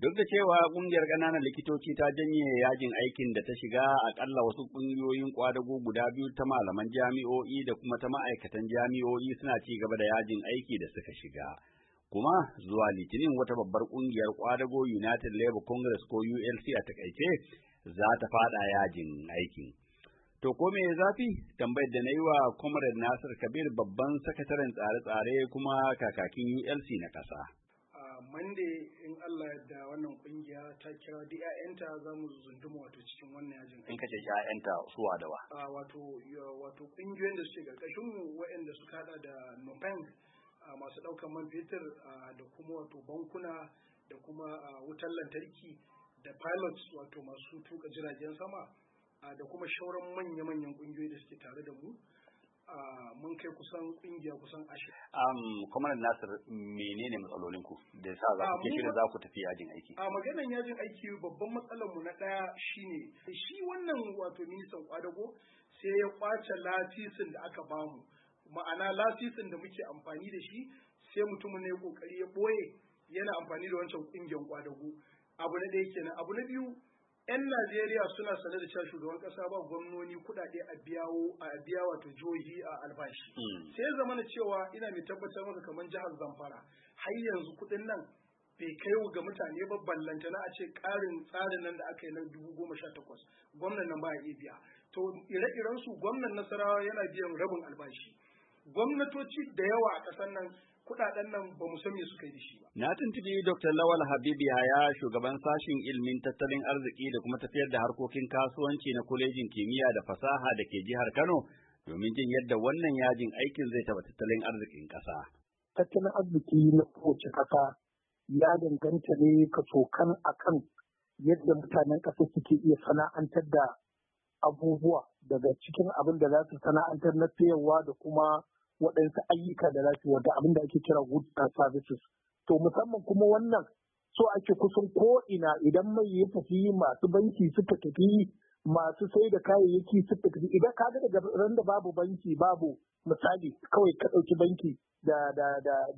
Duk da cewa ƙungiyar ƙananan likitoci ta janye yajin aikin da ta shiga akalla wasu ƙungiyoyin kwadago guda biyu ta malaman jami'o'i da kuma ta ma'aikatan jami'o'i suna ci gaba da yajin aiki da suka shiga. Kuma zuwa Litinin wata babbar ƙungiyar kwadago United Labour Congress ko ULC a takaice za ta faɗa yajin aikin. To ko me zafi tambayar da na yi wa Comrade Nasir Kabir babban sakataren tsare-tsare kuma kakakin ULC na ƙasa. Monday in Allah yadda wannan kungiya ta kira duk ƴaƴanta za mu zunduma wato cikin wannan yajin in kace ƴaƴanta su wa da wa ah, wato wato kungiyoyin da suke karkashin mu waɗanda suka haɗa da Nubank ah, masu ɗaukar man fetur ah, da kuma wato bankuna da kuma wutar lantarki da pilots wato masu tuƙa jiragen sama da kuma shauran manya-manyan kungiyoyi da suke tare da mu mun kai kusan kungiya kusan ashirin. Um, Kwamanar Nasir menene matsalolin ku da sa za ku za ku tafi yajin aiki? A maganar yajin aiki babban matsalar mu na ɗaya shi shine shi wannan wato ministan kwadago sai ya kwace latisin da aka bamu ma'ana latisin da muke amfani da shi sai mutumin ne kokari ya boye yana amfani da wancan kungiyar kwadago abu na ɗaya kenan abu na biyu 'yan Najeriya suna sane da cewa shugaban kasa ba gwamnoni kuɗaɗe a biyawo a biya wato jihohi a albashi. Hmm. Sai ya zama cewa ina mai tabbatar maka kamar jihar Zamfara har yanzu kuɗin nan bai kai ga mutane ba na a ce ƙarin tsarin nan da aka yi nan dubu goma sha takwas gwamnan nan ba iya biya. To ire iren su gwamnan Nasarawa yana biyan rabin albashi. gwamnatoci da yawa a ƙasar nan kuɗaɗen nan ba mu san me suka yi da shi ba. Na tuntubi Dr. Lawal habibi Yahaya shugaban sashin ilimin tattalin arziki da kuma tafiyar da harkokin kasuwanci na kwalejin kimiyya da fasaha da ke jihar Kano domin jin yadda wannan yajin aikin zai taɓa tattalin arzikin ƙasa. Tattalin arziki na kowace ƙasa ya danganta ne ka a akan yadda mutanen ƙasa suke iya sana'antar da abubuwa daga cikin abin da za su sana'antar na sayarwa da kuma waɗansu ayyuka da za su wata abin da ake kira goods and services to musamman kuma wannan so ake kusan ko ina idan mai ya tafi masu banki suka tafi masu sai da kayayyaki suka tafi idan ka daga ran da babu banki babu misali kawai ka ɗauki banki da da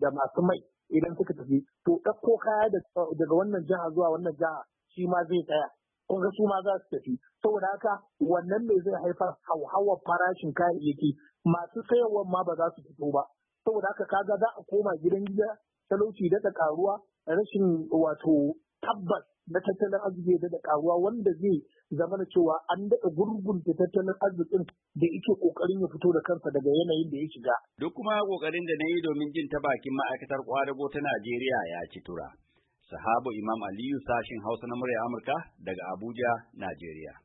da masu mai idan suka tafi to ɗauko kaya daga wannan jiha zuwa wannan jiha shi ma zai tsaya kun ga su ma za su tafi saboda haka wannan mai zai haifar hauhawar farashin kayayyaki masu sayarwar ma ba za su fito ba saboda haka kaga za a koma gidan gida talauci da karuwa rashin wato tabbas na tattalin arziki da karuwa wanda zai zama da cewa an daɗa gurgunta tattalin arzikin da yake ƙoƙarin ya fito da kansa daga yanayin da ya shiga. Duk kuma ƙoƙarin da na yi domin jin ta bakin ma'aikatar kwarago ta Najeriya ya ci tura. Sahabu Imam Aliyu sashin Hausa na murya Amurka daga Abuja, Najeriya.